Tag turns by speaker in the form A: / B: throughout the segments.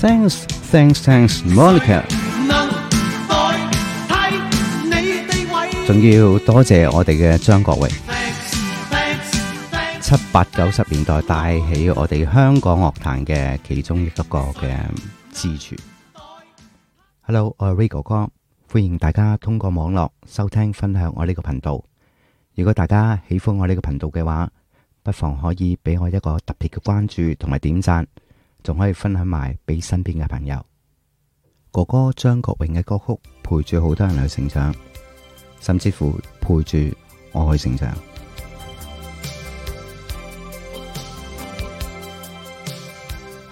A: Thanks, thanks, thanks, Monica。
B: 仲
A: 要多謝我哋嘅張國榮，七八九十年代帶起我哋香港樂壇嘅其中一個嘅支柱。Hello，我係 Ray 哥哥，歡迎大家通過網絡收聽、分享我呢個頻道。如果大家喜歡我呢個頻道嘅話，不妨可以俾我一個特別嘅關注同埋點讚。仲可以分享埋俾身邊嘅朋友。哥哥張國榮嘅歌曲陪住好多人去成長，甚至乎陪住我去成長。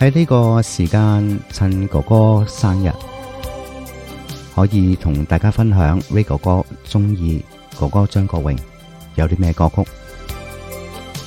A: 喺呢個時間，趁哥哥生日，可以同大家分享，Ray 哥哥中意哥哥張國榮有啲咩歌曲。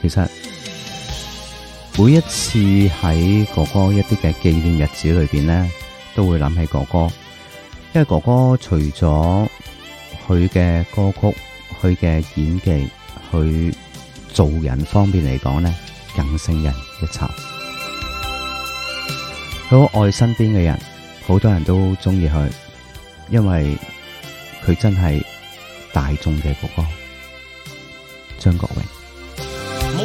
A: 其實每一次喺哥哥一啲嘅紀念日子裏邊咧，都會諗起哥哥，因為哥哥除咗佢嘅歌曲、佢嘅演技、佢做人方面嚟講咧，更勝人一籌。佢好愛身邊嘅人，好多人都中意佢，因為佢真係大眾嘅哥哥張國榮。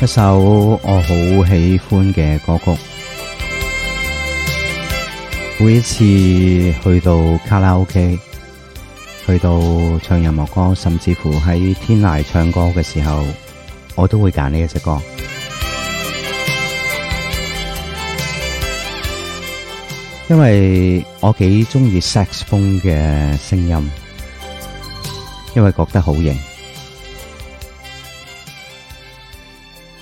A: 一首我好喜歡嘅歌曲，每一次去到卡拉 OK，去到唱任何歌，甚至乎喺天籟唱歌嘅時候，我都會揀呢一隻歌，因為我幾中意色士風嘅聲音，因為覺得好型。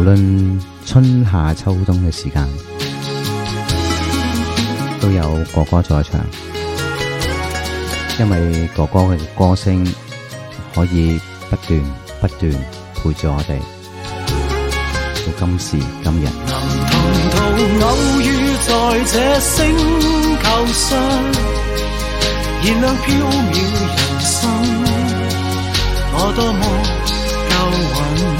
A: 無論春夏秋冬嘅時間，都有哥哥在場，因為哥哥嘅歌聲可以不斷不斷陪住我哋到今時今日。能
B: 同途偶遇在這星球上，燃亮飄渺人生，我多麼夠運！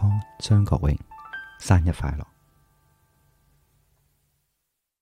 A: 哦，張國榮，生日快樂！